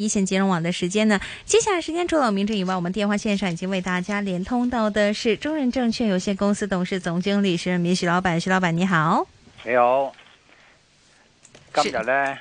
一線金融網的時間呢，接下來時間除了名哲以外，我們電話線上已經為大家連通到的是中潤證券有限公司董事總經理，徐潤民徐老闆。徐老闆你好，你好。你好今日呢，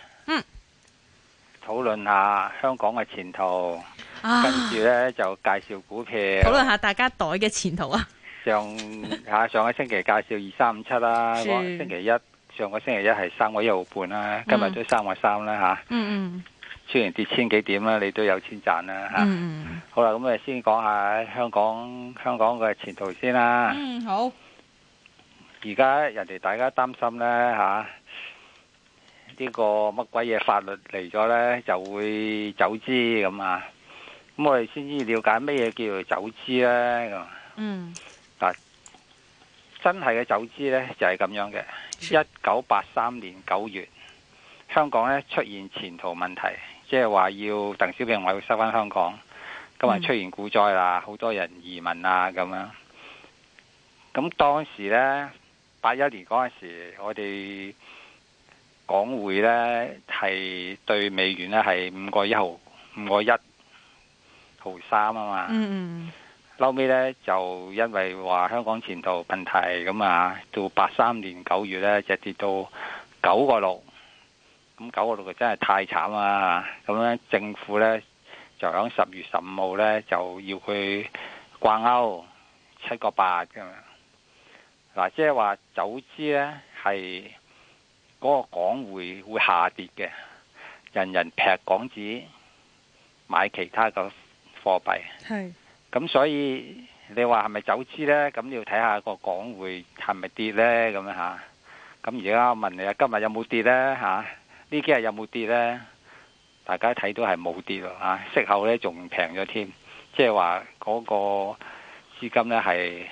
討論、嗯、下香港嘅前途，跟住呢就介紹股票。討論、啊、下大家袋嘅前途啊。上下、啊、上個星期介紹二三五七啦，星期一上個星期一係三個一號半啦，今日都三個三啦吓。嗯嗯。嗯嗯雖然跌千幾點啦，你都有錢賺啦吓。啊嗯、好啦，咁我哋先講下香港香港嘅前途先啦、啊。嗯，好。而家人哋大家擔心呢，吓、啊，呢、這個乜鬼嘢法律嚟咗呢，就會走資咁啊？咁我哋先至了解咩嘢叫做走資呢。咁。嗯，嗱，真係嘅走資呢就係、是、咁樣嘅。一九八三年九月，香港呢出現前途問題。即係話要鄧小平話要收翻香港，今日出現股災啦，好多人移民啊咁樣。咁當時咧，八一年嗰陣時，我哋港匯咧係對美元咧係五個一毫、五個一毫三啊嘛。嗯嗯。後尾咧就因為話香港前途問題咁啊，到八三年九月咧就跌到九個六。咁九個六真係太慘喇！咁咧，政府咧就喺十月十五號咧就要去掛鈎七個八噶。嗱，即係話走資咧係嗰個港匯會下跌嘅，人人劈港紙買其他嘅貨幣。係是。咁所以你話係咪走資咧？咁要睇下個港匯係咪跌咧？咁樣吓。咁而家我問你有有啊，今日有冇跌咧？吓？呢幾日有冇跌呢？大家睇到係冇跌咯，啊，息口呢仲平咗添，即係話嗰個資金呢係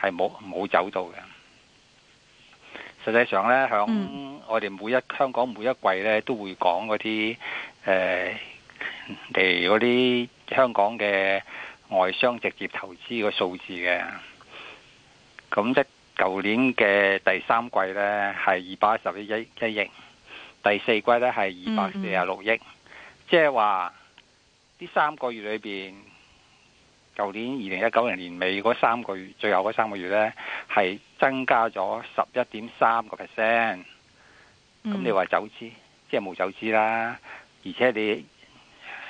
係冇冇走到嘅。實際上呢，響我哋每一、嗯、香港每一季呢都會講嗰啲誒，例如嗰啲香港嘅外商直接投資個數字嘅。咁即係舊年嘅第三季呢係二百一十一一億。第四季咧係二百四十六億，即係話呢三個月裏邊，舊年二零一九年年尾嗰三個月，最後嗰三個月咧係增加咗十一點三個 percent，咁你話走資，即係冇走資啦，而且你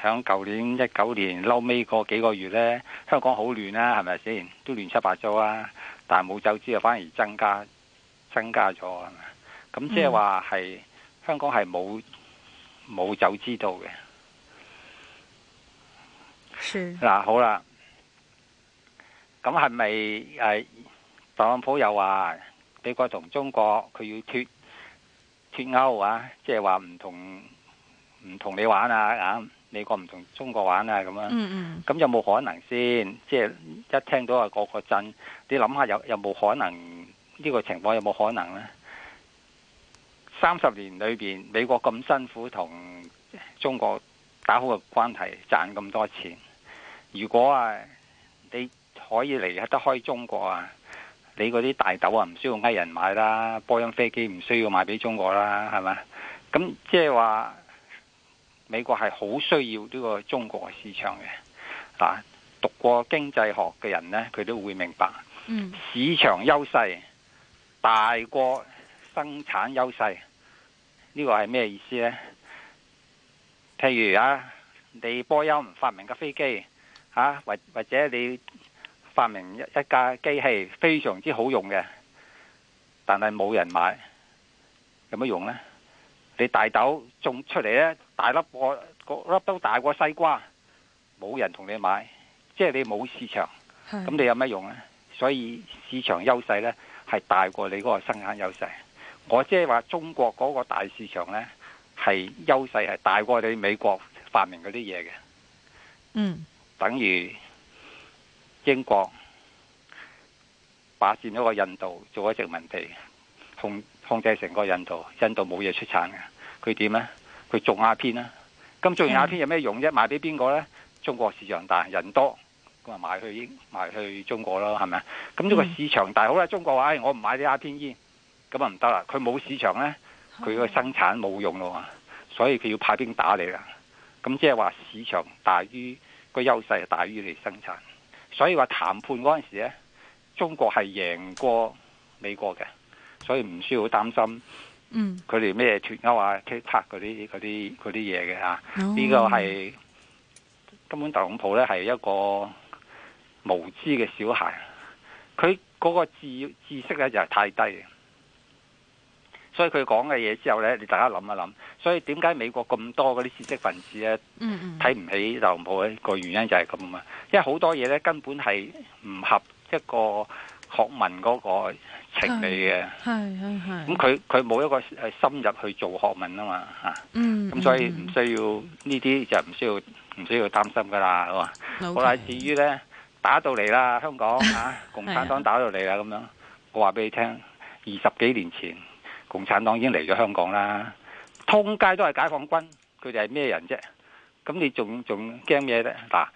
響舊年一九年撈尾嗰幾個月咧，香港好亂啦，係咪先？都亂七八糟啊，但係冇走資啊，反而增加，增加咗啊，咁即係話係。嗯香港係冇冇走之道嘅。嗱是、啊、好啦，咁係咪誒？特朗普又話美國同中國佢要脱脱歐啊，即係話唔同唔同你玩啊，啊美國唔同中國玩啊咁啊。樣嗯嗯。咁有冇可能先？即、就、係、是、一聽到啊個個震，你諗下有有冇可能呢、這個情況有冇可能呢？三十年裏邊，美國咁辛苦同中國打好個關係，賺咁多錢。如果啊，你可以離開得開中國啊，你嗰啲大豆啊唔需要呃人買啦，波音飛機唔需要賣俾中國啦，係咪？咁即係話，美國係好需要呢個中國市場嘅。啊，讀過經濟學嘅人呢，佢都會明白，市場優勢大過生產優勢。呢個係咩意思呢？譬如啊，你波音發明嘅飛機，嚇、啊，或或者你發明一一架機器非常之好用嘅，但係冇人買，有乜用呢？你大豆種出嚟呢，大粒個粒都大過西瓜，冇人同你買，即係你冇市場，咁你有乜用呢？所以市場優勢呢，係大過你嗰個生產優勢。我即係話中國嗰個大市場咧，係優勢係大過你美國發明嗰啲嘢嘅。嗯，等於英國霸佔咗個印度做咗殖民地，控控制成個印度，印度冇嘢出產嘅，佢點咧？佢做鴉片啦，啊，咁做完鴉片有咩用啫？賣俾邊個咧？中國市場大，人多，咁啊賣去英賣去中國咯，係咪啊？咁呢個市場大，好啦，中國話，哎，我唔買啲鴉片煙。咁啊唔得啦！佢冇市場咧，佢個生產冇用喇嘛，所以佢要派兵打你啦。咁即係話市場大於個優勢，大於你生產。所以話談判嗰陣時咧，中國係贏過美國嘅，所以唔需要擔心。嗯，佢哋咩脫歐啊、踢踏嗰啲、嗰啲、嗰啲嘢嘅嚇，呢、oh. 個係根本特朗普咧係一個無知嘅小孩，佢嗰個知知識咧就係太低。所以佢講嘅嘢之後呢，你大家諗一諗。所以點解美國咁多嗰啲知識分子呢，睇唔起特朗普呢？個原因就係咁啊！因為好多嘢呢根本係唔合一個學問嗰個情理嘅。係係係。咁佢佢冇一個係深入去做學問啊嘛嚇。嗯嗯嗯。咁所以唔需要呢啲就唔需要唔需要擔心㗎啦，係嘛？好啦，至於呢打到嚟啦，香港嚇共產黨打到嚟啦咁樣，我話俾你聽，二十幾年前。共產黨已經嚟咗香港啦，通街都係解放軍，佢哋係咩人啫？咁你仲仲驚咩咧？嗱、啊，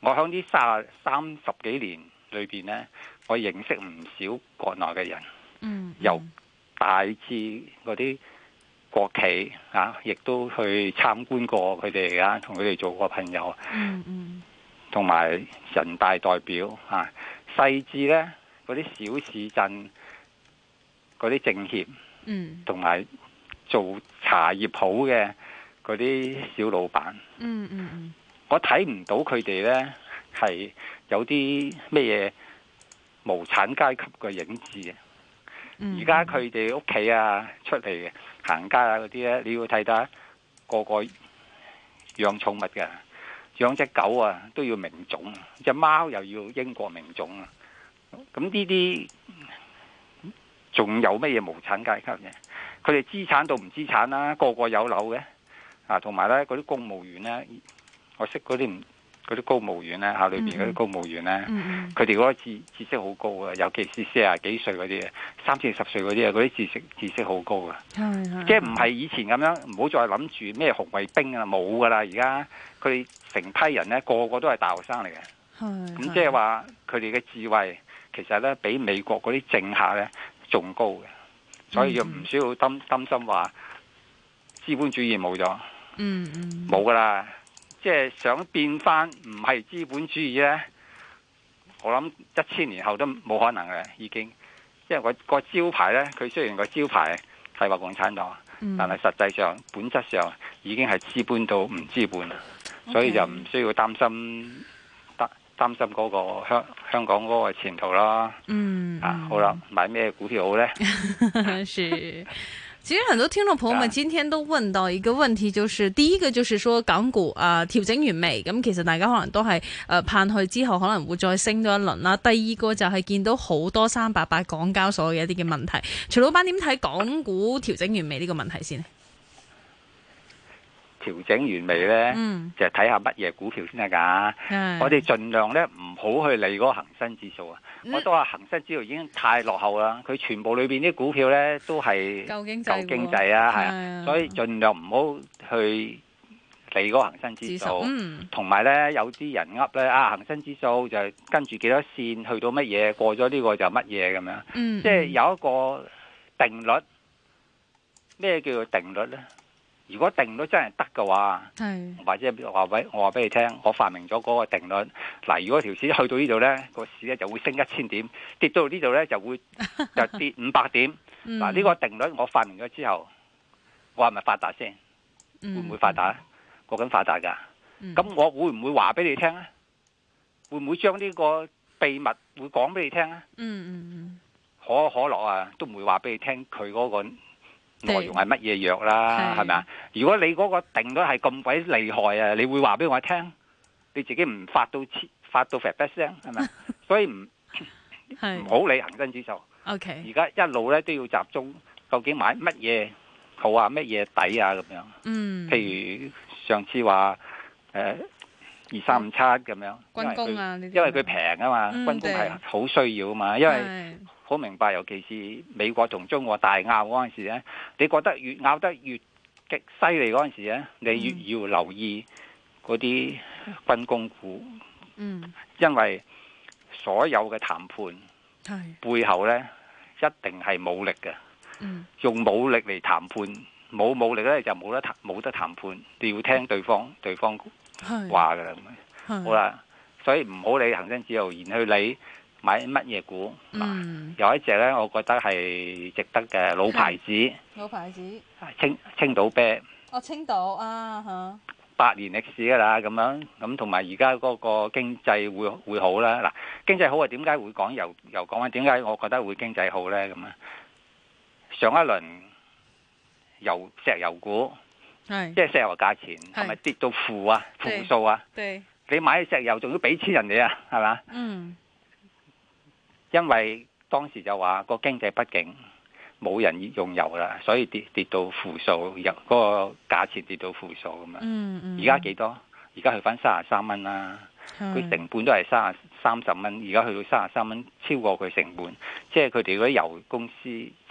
我喺呢卅三十幾年裏邊咧，我認識唔少國內嘅人，嗯，嗯，由大至嗰啲國企啊，亦都去參觀過佢哋啊，同佢哋做過朋友，同埋、嗯嗯、人大代表啊，細至咧嗰啲小市鎮嗰啲政協。嗯，同埋做茶葉鋪嘅嗰啲小老闆，嗯嗯，我睇唔到佢哋呢係有啲咩嘢無產階級嘅影子。而家佢哋屋企啊，出嚟行街啊嗰啲咧，你要睇睇，啊，個個養寵物嘅，養隻狗啊都要名種，隻貓又要英國名種啊。咁呢啲。仲有乜嘢無產階級嘅？佢哋資產到唔資產啦，個個有樓嘅，啊，同埋咧嗰啲公務員咧，我識嗰啲嗰啲公務員咧嚇裏邊嗰啲公務員咧，佢哋嗰個智知識好高嘅，尤其是四啊幾歲嗰啲，三四十歲嗰啲啊，嗰啲知識知識好高嘅，即係唔係以前咁樣，唔好再諗住咩紅衛兵啊，冇噶啦，而家佢哋成批人咧，個個都係大學生嚟嘅，係，咁即係話佢哋嘅智慧其實咧比美國嗰啲政客咧，仲高嘅，所以就唔需要擔擔心話、嗯嗯就是、資本主義冇咗，冇噶啦。即係想變翻唔係資本主義咧，我諗一千年後都冇可能嘅，已經，因為個招牌咧，佢雖然個招牌係話共產黨，嗯、但係實際上本質上已經係資本到唔資本，所以就唔需要擔心。擔心嗰、那個香香港嗰個前途啦，嗯啊，好啦，買咩股票好呢？ 是，至於好多聽眾朋友咪，今天都問到一個問題，就是第一個就是說港股啊調、呃、整完未咁、嗯，其實大家可能都係誒、呃、盼去之後可能會再升多一輪啦。第二個就係見到好多三八八港交所嘅一啲嘅問題，徐老闆點睇港股調整完未呢個問題先？調整完未咧？就睇下乜嘢股票先得噶我哋盡量咧唔好去理嗰個恒生指數啊！我都話恒生指數已經太落後啦。佢全部裏邊啲股票咧都係舊經濟啊，係啊。所以盡量唔好去理嗰個恒生指數。同埋咧，有啲人噏咧啊，恒生指數就係跟住幾多線去到乜嘢，過咗呢個就乜嘢咁樣。即係有一個定律，咩叫做定律咧？如果定律真係得嘅話，或者話俾我話俾你聽，我發明咗嗰個定律。嗱，如果條市去到呢度咧，個市咧就會升一千點；跌到呢度咧就會就跌五百點。嗱，呢個定律我發明咗之後，我係咪發達先？會唔會發達？過緊發達㗎。咁我會唔會話俾你聽啊？會唔會將呢個秘密會講俾你聽啊？嗯嗯嗯。可口可樂啊，都唔會話俾你聽佢嗰個。內容係乜嘢藥啦？係咪啊？如果你嗰個定咗係咁鬼厲害啊，你會話俾我聽？你自己唔發到黐發到發不聲係咪？ 所以唔唔 是唔好理恆生指數。O K. 而家一路咧都要集中，究竟買乜嘢好啊？乜嘢抵啊？咁樣。嗯。譬如上次話誒、呃、二三五七咁樣。嗯、軍工啊！因為佢平啊嘛，軍工係好需要啊嘛，對對因為。好明白，尤其是美國同中國大拗嗰陣時咧，你覺得越拗得越激犀利嗰陣時咧，你越要留意嗰啲軍工股。嗯，因為所有嘅談判背後咧，一定係武力嘅。嗯，用武力嚟談判，冇武力咧就冇得談，冇得談判，要聽對方對方話㗎啦。咁啊，好啦，所以唔好理行行自由言去理。買乜嘢股？嗯，有一隻咧，我覺得係值得嘅老牌子。老牌子。牌子，青青島啤。哦、欸，青島啊，吓。百年歷史噶啦，咁樣咁同埋而家嗰個經濟會會好啦。嗱，經濟好啊，點解會講油？又講翻點解？我覺得會經濟好咧。咁啊，上一輪油石油股係是即係石油價錢係咪跌到負啊？負數是啊？對，你買石油仲要俾錢人哋啊？係嘛？嗯。因為當時就話個經濟不景，冇人用油啦，所以跌跌到負數，油嗰個價錢跌到負數咁啊！而家幾多？而家去翻三十三蚊啦，佢成本都係三十、三十蚊，而家去到三十三蚊，超過佢成本，即係佢哋嗰啲油公司，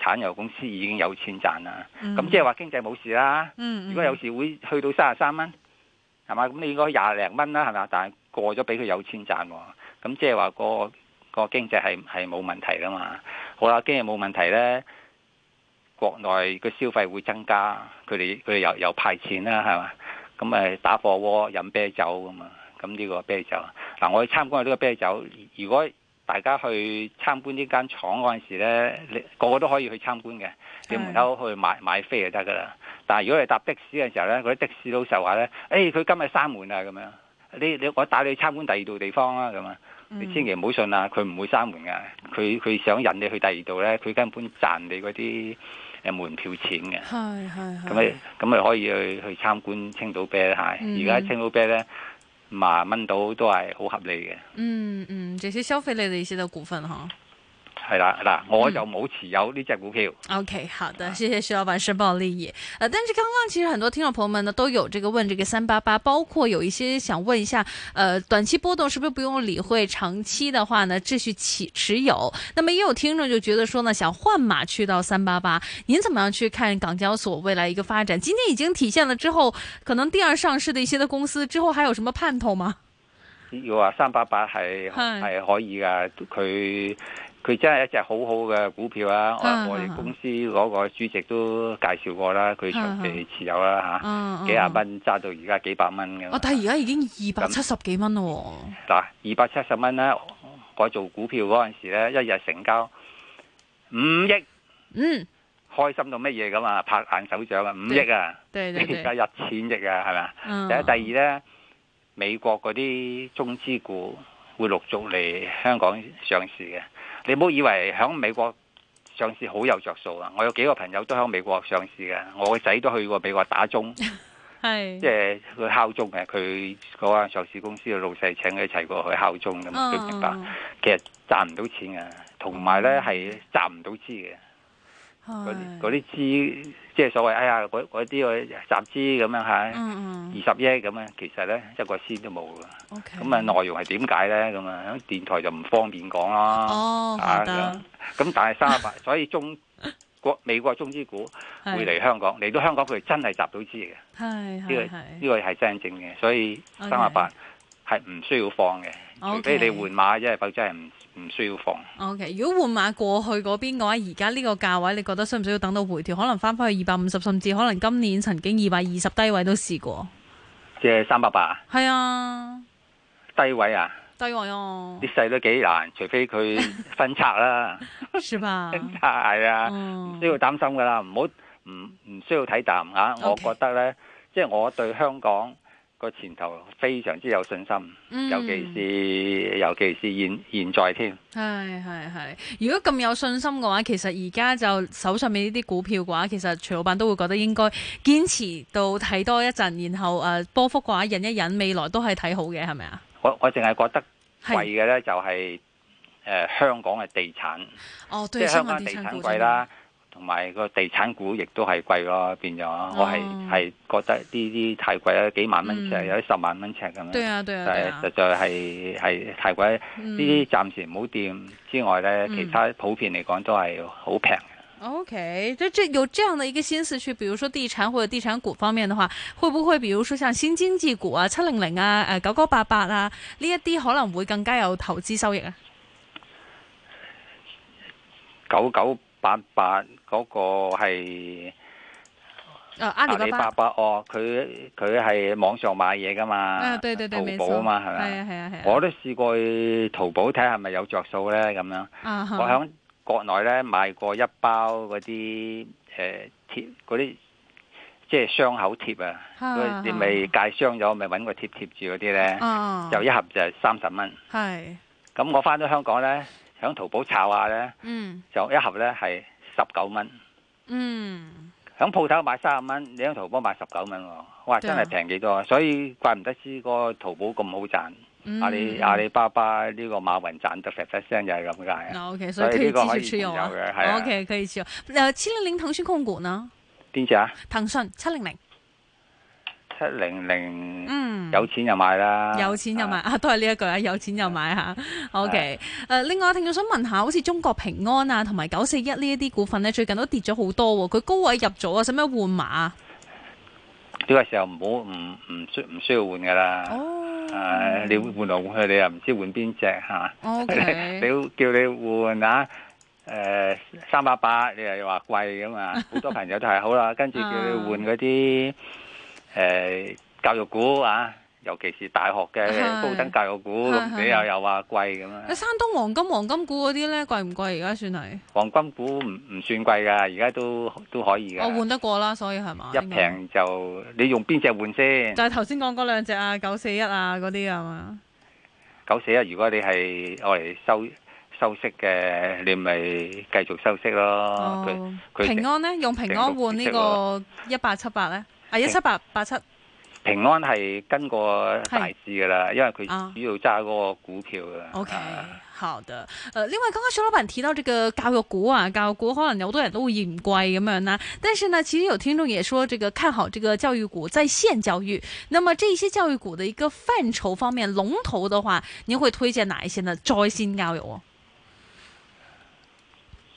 產油公司已經有錢賺啦。咁即係話經濟冇事啦。嗯嗯、如果有時會去到三十三蚊，係嘛？咁你應該廿零蚊啦，係嘛？但係過咗俾佢有錢賺，咁即係話個。個經濟係係冇問題噶嘛，好啦，經濟冇問題咧，國內個消費會增加，佢哋佢哋又又派錢啦，係嘛，咁誒打火鍋飲啤酒咁嘛。咁呢個啤酒嗱，我去參觀下呢個啤酒。如果大家去參觀呢間廠嗰陣時咧，你個個都可以去參觀嘅，你門口去買買飛就得噶啦。但係如果你搭的士嘅時候咧，嗰啲的士佬就話咧，誒、欸，佢今日閂門啊，咁樣，你你我帶你去參觀第二度地方啦，咁啊。你千祈唔好信啦，佢唔會閂門噶，佢佢想引你去第二度呢，佢根本賺你嗰啲誒門票錢嘅。係係咁你咁咪可以去去參觀青島啤酒。而家青島啤呢，廿、嗯、蚊到都係好合理嘅。嗯嗯，這些消費類的一些的股份哈係啦嗱，我就冇持有呢隻股票。OK，好的，謝謝徐老闆申報利益。誒、呃，但是剛剛其實很多聽眾朋友們呢都有這個問，這個三八八，包括有一些想問一下，誒、呃，短期波動是不是不用理會？長期的話呢，繼續持持有。那麼也有聽眾就覺得說呢，想換馬去到三八八，您怎麼樣去看港交所未來一個發展？今天已經體現了之後，可能第二上市的一些的公司之後還有什麼盼頭嗎？要話三八八係係可以㗎，佢。佢真係一隻好好嘅股票啊！啊，我哋公司嗰個主席都介紹過啦，佢長期持有啦、啊、嚇，啊啊啊、幾廿蚊揸到而家幾百蚊咁。我睇而家已經二百七十幾蚊咯。嗱，二百七十蚊咧，我做股票嗰陣時咧，一日成交五億，嗯，開心到乜嘢㗎嘛？拍爛手掌啊，五億啊，而家對 入千億啊，係咪？第一、啊、啊、第二咧，美國嗰啲中資股會陸續嚟香港上市嘅。你唔好以為響美國上市好有着數啊！我有幾個朋友都響美國上市嘅，我個仔都去過美國打鐘，係 是即係去敲鐘嘅。佢嗰間上市公司嘅老細請佢一齊過去敲鐘咁， 嗯嗯，明白？其實賺唔到錢嘅，同埋咧，係賺唔到資嘅。嗰啲啲資，即係所謂，哎呀，嗰啲嘅集資咁樣吓，二十、mm hmm. 億咁樣，其實咧一個仙都冇噶，咁啊 Okay. 內容係點解咧？咁啊喺電台就唔方便講咯，oh, 啊，咁的但係三十八，所以中國 美國中資股會嚟香港，嚟 到香港佢真係集到資嘅，呢 這個呢個係真正嘅，所以三十八。Okay. 係唔需要放嘅，除非你換馬，因為 Okay. 否則係唔唔需要放。O、okay. K，如果換馬過去嗰邊嘅話，而家呢個價位，你覺得需唔需要等到回調？可能翻翻去二百五十，甚至可能今年曾經二百二十低位都試過，即係三百八啊。係啊，低位啊，低位哦，啊，啲勢都幾難，除非佢分拆啦， 是吧？係、 嗯、啊，唔需要擔心噶啦，唔好唔唔需要睇淡啊。我覺得呢，即係我對香港。個前頭非常之有信心，嗯、尤其是尤其是現現在添。係係係，如果咁有信心嘅話，其實而家就手上面呢啲股票嘅話，其實徐老闆都會覺得應該堅持到睇多一陣，然後誒、呃、波幅嘅話忍一忍，未來都係睇好嘅，係咪啊？我我淨係覺得貴嘅咧就係、是、誒是、呃、香港嘅地產。哦，對，即係香港地產貴、嗯、啦。同埋個地產股亦都係貴咯，變咗我係係覺得呢啲太貴啦，幾萬蚊尺，嗯、有啲十萬蚊尺咁樣。對啊，對啊，是對啊！實在係係太貴，呢啲、嗯、暫時唔好掂之外咧，其他普遍嚟講都係好平。OK，即即有這樣嘅一個心思去，譬如說地產或者地產股方面的話，會唔會，譬如說像新經濟股啊、七零零啊、九九八八啊呢一啲，可能會更加有投資收益啊？九九八八嗰個係阿里巴巴哦，佢佢係網上買嘢噶嘛，淘寶啊嘛係咪？係啊係啊係我都試過去淘寶睇下係咪有着數咧咁樣。我喺國內咧買過一包嗰啲誒貼啲即係傷口貼啊，你咪戒傷咗咪搵個貼貼住嗰啲咧，就一盒就三十蚊。係咁我翻咗香港咧。喺淘寶炒下咧，嗯、就一盒咧係十九蚊。嗯，喺鋪頭買三十蚊，你喺淘寶買十九蚊，哇，真係平幾多啊！所以怪唔得知個淘寶咁好賺，嗯、阿里阿里巴巴呢個馬雲賺得劈劈聲，就係咁解啊。所以呢個可以持有嘅，係、呃、啊。O K 可以持有，誒七零零騰訊控股呢？邊隻啊？騰訊七零零。七零零，嗯，有錢就買啦，有錢就買，啊，都係呢一句啊，有錢就買吓。O K，誒，另外聽眾想問下，好似中國平安啊，同埋九四一呢一啲股份咧，最近都跌咗好多，佢高位入咗啊，使唔使換馬？呢個時候唔好唔唔需唔需要換噶啦。哦，誒，你換來換去，你又唔知換邊隻吓。O K，你叫你換啊，誒，三百八，你又又話貴噶嘛，好多朋友都係好啦，跟住叫你換嗰啲。誒、欸，教育股啊，尤其是大學嘅高等教育股，你又又話貴咁啊？山東黃金黃金股嗰啲呢，貴唔貴？而家算係黃金股唔唔算貴噶，而家都都可以嘅。我換得過啦，所以係嘛？一平就該你用邊隻換先？就係頭先講嗰兩隻啊，九四一啊嗰啲係嘛。九四一，如果你係我嚟，收收息嘅，你咪繼續收息咯。哦、平安呢，用平安換呢個一八七八呢。啊一七八八七，平安係跟過大市噶啦，因為佢主要揸嗰個股票噶啦、啊。OK，好的。誒、呃，另外，剛剛徐老闆提到這個教育股啊，教育股可能有好多人都會嫌貴咁樣啦。但是呢，其實有聽眾也說，這個看好這個教育股在線教育。那麼，這些教育股的一個範疇方面龍頭的話，你會推薦哪一些呢？在線教育。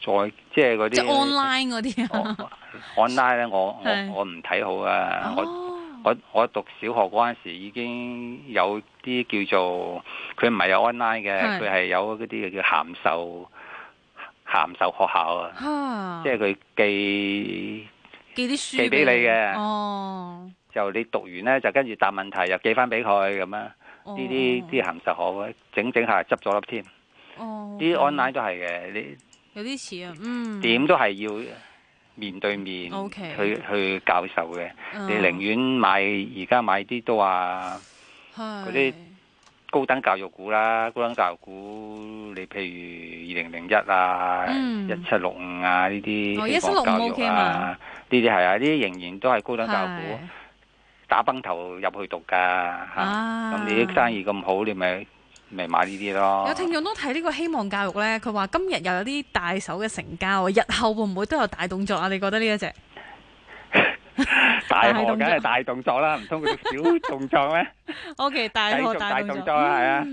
再即係嗰啲。就 online 嗰啲 online 咧，我我我唔睇好啊。我我我讀小學嗰陣時已經有啲叫做佢唔係有 online 嘅，佢係有嗰啲叫函授函授學校啊。即係佢寄寄啲書寄俾你嘅。哦。就你讀完咧，就跟住答問題，又寄翻俾佢咁樣。呢啲啲函授學整整下執咗粒添。哦。啲 online 都係嘅，你。有啲似啊，嗯。點都係要面對面去 Okay. 去教授嘅。嗯、你寧願買而家買啲都話，嗰啲高等教育股啦，高等教育股，你譬如二零零一啊，一、嗯、七六五啊呢啲。哦、教育啊，呢啲係啊，呢啲仍然都係高等教育股，是打崩頭入去讀噶吓。咁、啊啊、你啲生意咁好，你咪。咪買呢啲咯。有聽眾都睇呢個希望教育咧，佢話今日又有啲大手嘅成交，日後會唔會都有大動作啊？你覺得呢一隻 大行梗係大動作啦，唔通佢小動作咩？O K，大行大動作啊，係啊。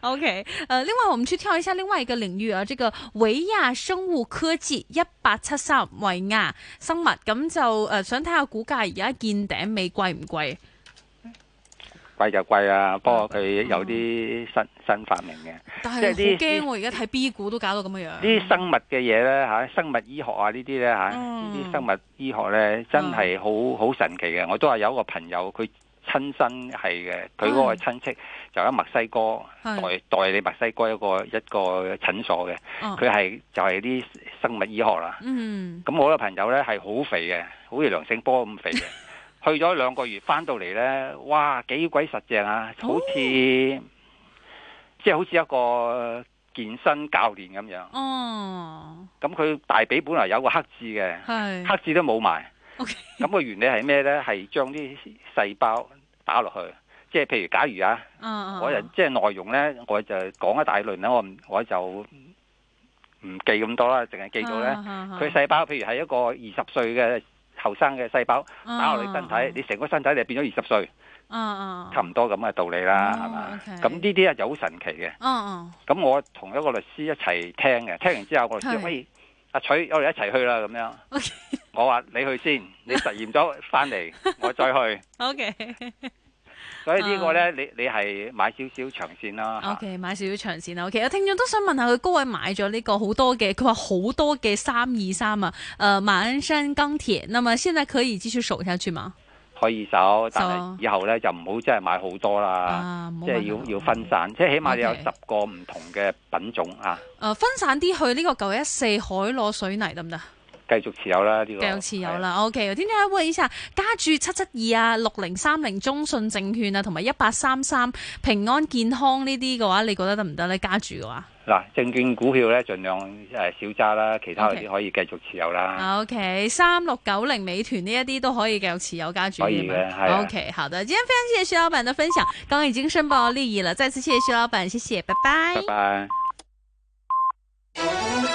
O K，誒，另外我們去跳一下另外一個領域啊，這個維亞生物科技一八七三維亞生物咁就誒、呃，想睇下股價而家見頂未，貴唔貴？貴就貴啊，不過佢有啲新新發明嘅，但啊、即係好驚而家睇 B 股都搞到咁嘅樣。啲生物嘅嘢咧吓，生物醫學啊呢啲咧吓，呢、啊、啲、嗯、生物醫學咧真係好好神奇嘅。我都話有一個朋友，佢親身係嘅，佢嗰個親戚、哎、就喺墨西哥是代代理墨西哥一個一個診所嘅，佢係、嗯、就係、是、啲生物醫學啦。嗯，咁我個朋友咧係好肥嘅，好似梁醒波咁肥嘅。 去咗兩個月，翻到嚟呢，哇，幾鬼實淨啊！好似、oh. 即係好似一個健身教練咁樣。哦，咁佢大髀本來有個黑痣嘅，oh. 黑痣都冇埋。O K，咁個原理係咩呢？係將啲細胞打落去，即係譬如假如啊，oh. 我人，即係內容呢，我就講一大輪呢，我我就唔記咁多啦，淨係記到呢，佢細胞譬，譬如係一個二十歲嘅。後生嘅細胞打落你身體，你成個身體就變咗二十歲，差唔多咁嘅道理啦，係嘛？咁呢啲啊就好神奇嘅。咁我同一個律師一齊聽嘅，聽完之後我律師話：喂，阿取，我哋一齊去啦咁樣。我話你去先，你實驗咗翻嚟，我再去。所以個呢個咧、啊，你你係買少少長線啦。OK，買少少長線啦。OK，有聽眾都想問下佢高位買咗呢個好多嘅，佢話好多嘅三二三啊，誒、呃，馬鞍山鋼鐵。那麼現在可以繼續守下去嗎？可以守，但係以後咧、啊、就唔好真係買好多啦，即係、啊、要要分散，即係起碼有十個唔同嘅品種 Okay. 啊。誒、呃，分散啲去呢個九一四海螺水泥得唔得？行繼續持有啦，呢個繼續持有啦。OK，點解？喂，一下，加注七七二啊，六零三零中信證券啊，同埋一八三三平安健康呢啲嘅話，你覺得得唔得咧？加注嘅話，嗱，證券股票咧盡量誒少揸啦，其他啲可以繼續持有啦。OK，三六九零美團呢一啲都可以繼續持有加注可以啊的的，OK，好的，今日非常，謝謝徐老闆嘅分享，咁已經申報利益啦。再次謝謝徐老闆，謝謝，拜拜。拜拜。